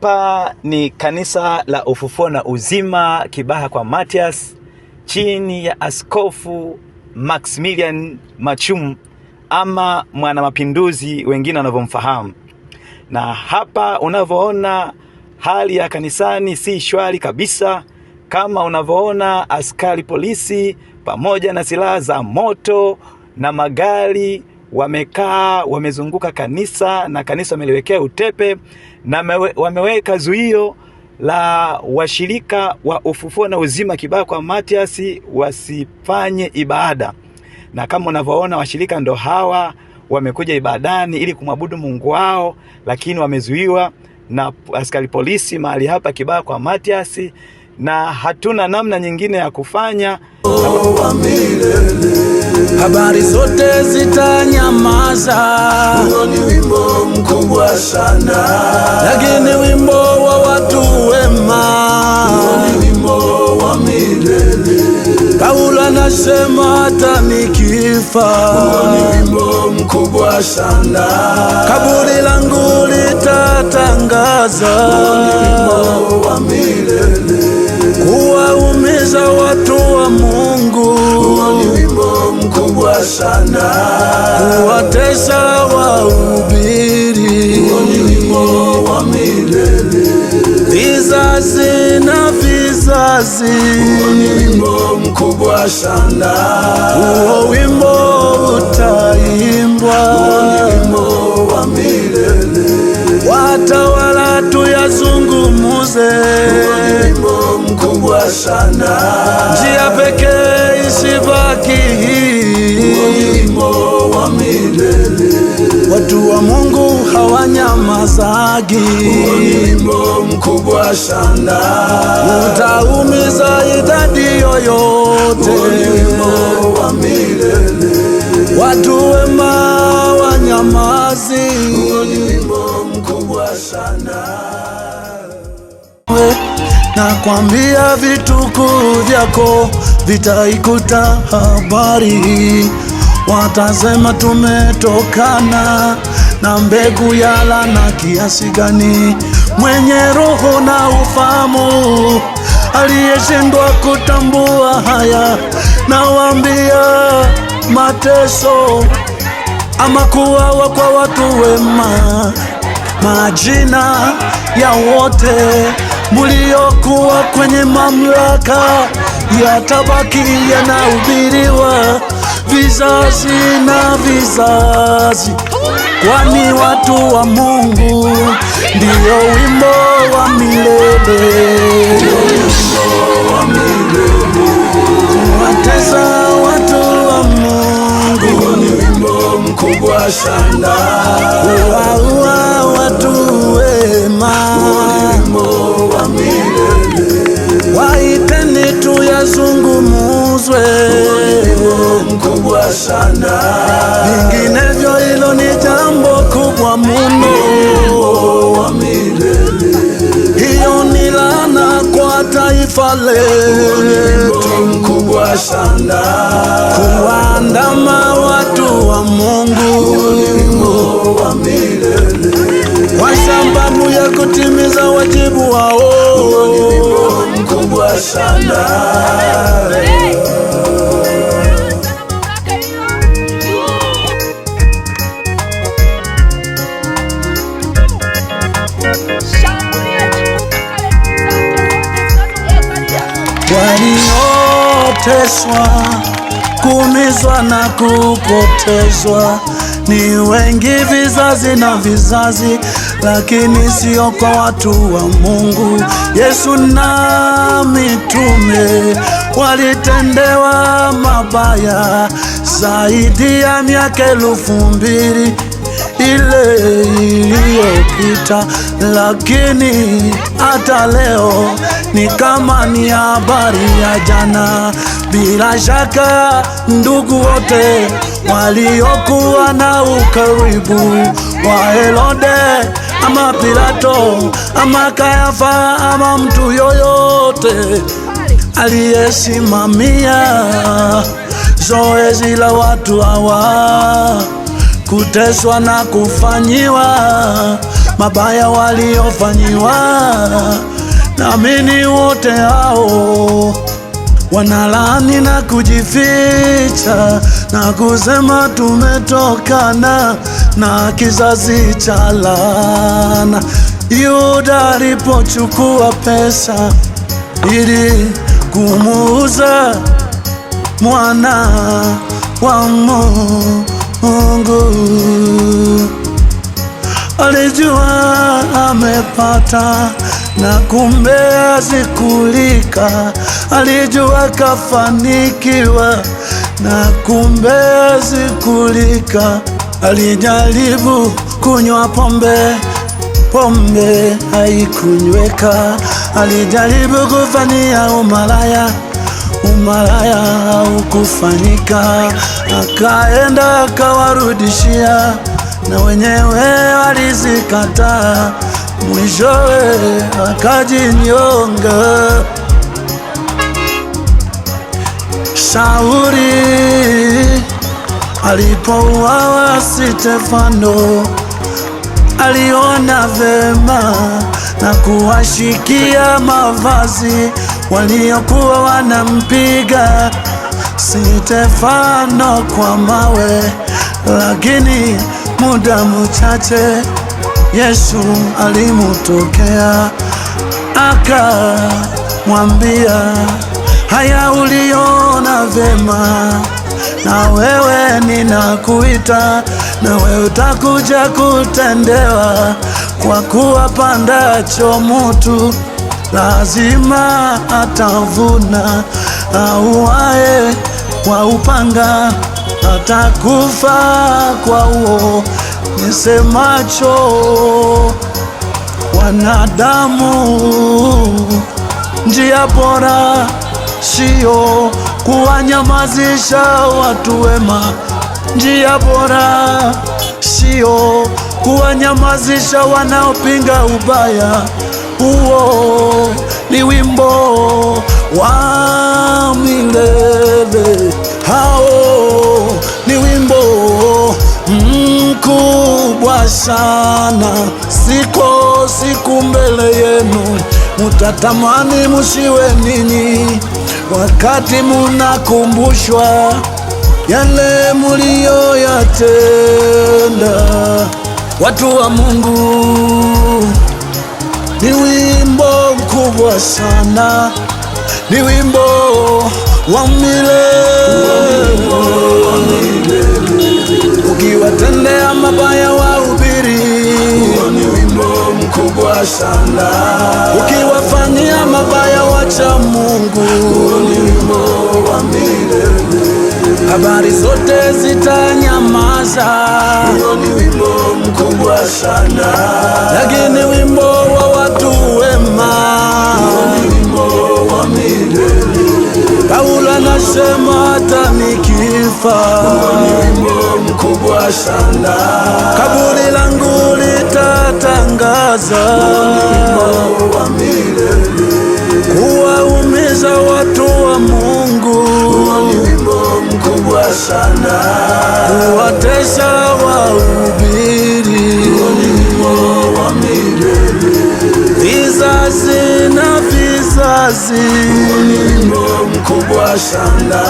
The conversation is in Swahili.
Hapa ni kanisa la Ufufuo na Uzima Kibaha kwa Matias, chini ya Askofu Maximilian Machum ama mwanamapinduzi wengine wanavyomfahamu. Na hapa unavyoona hali ya kanisani si shwari kabisa, kama unavyoona askari polisi pamoja na silaha za moto na magari wamekaa wamezunguka kanisa na kanisa wameliwekea utepe na wameweka zuio la washirika wa ufufuo na uzima kibaa kwa Mathias wasifanye ibada, na kama unavyoona washirika ndo hawa wamekuja ibadani ili kumwabudu Mungu wao, lakini wamezuiwa na askari polisi mahali hapa kibaa kwa Mathias, na hatuna namna nyingine ya kufanya oh, habari zote zitanyamaza. Huo ni wimbo mkubwa sana, lakini wimbo wa watu wema, huo ni wimbo wa milele. Paulo anasema hata nikifa, huo ni wimbo mkubwa sana, kaburi langu litatangaza, huo ni wimbo wa milele waweza wahubiri wimbo wa milele vizazi na vizazi, wimbo mkubwa sana huo, wimbo utaimbwa, wimbo wa milele watawala tuyazungumuze, wimbo mkubwa sana, njia pekee isibaki wanyamazagi, huo ni wimbo mkubwa sana, utaumiza idadi yoyote, huo wimbo wa milele. Watu wema wanyamazi, huo ni wimbo mkubwa sana. Nakwambia vituko vyako vitaikuta habari, watasema tumetokana na mbegu yala na kiasi gani, mwenye roho na ufahamu, aliyeshindwa kutambua haya, nawaambia mateso ama kuwawa kwa watu wema, majina ya wote muliokuwa kwenye mamlaka yatabaki yanahubiriwa vizazi na vizazi kwani watu wa Mungu ndio wimbo wa milele. Watesa watu wa Mungu ni wimbo mkubwa sana, kuwaua watu wema wa milele. Waiteni tuyazungumuzwe, mkubwa sana Yerusalemu kuandama watu wa Mungu kwa sababu ya kutimiza wajibu wao. kuumizwa na kupotezwa ni wengi vizazi na vizazi, lakini sio kwa watu wa Mungu. Yesu na mitume walitendewa mabaya zaidi ya miaka elfu mbili kupita, lakini hata leo ni kama ni habari ya jana. Bila shaka ndugu wote waliokuwa na ukaribu wa Herode ama Pilato ama Kayafa ama mtu yoyote aliyesimamia zoezi la watu hawa kuteswa na kufanyiwa mabaya waliofanyiwa namini, wote hao wanalaani na kujificha na kusema tumetokana na kizazi cha laana. Yuda alipochukua pesa ili kumuuza mwana wa Mungu alijua amepata na kumbe azikulika, alijua kafanikiwa na kumbe azikulika. Alijaribu kunywa pombe, pombe haikunyweka. Alijaribu kufania umalaya, umalaya haukufanyika. Akaenda akawarudishia na wenyewe walizikata mwishowe akajinyonga. shauri alipouawa Stefano aliona vema na kuwashikia mavazi waliokuwa wanampiga Stefano kwa mawe, lakini muda mchache Yesu alimutokea akamwambia, haya uliona vyema, na wewe ninakuita, na wewe utakuja kutendewa, kwa kuwa pandacho mutu lazima atavuna, auaye kwa upanga atakufa kwa uo nisemacho, wanadamu njia bora sio kuwanyamazisha watu wema, njia bora sio kuwanyamazisha wanaopinga ubaya. Huo ni wimbo wa sana, siko siku mbele yenu mutatamani mushiwe nini, wakati munakumbushwa yale muliyoyatenda. Watu wa Mungu, ni wimbo mkubwa sana, ni wimbo wa milele sasa. Huyo ni wimbo mkubwa sana, lakini wimbo wa watu wema, wimbo wa milele. Paulo anasema hata nikifa, wimbo mkubwa sana, kaburi langu litatangaza wimbo wa milele, kuwaumiza watu wa Mungu, ni wimbo mkubwa sana mzimu mkubwa sana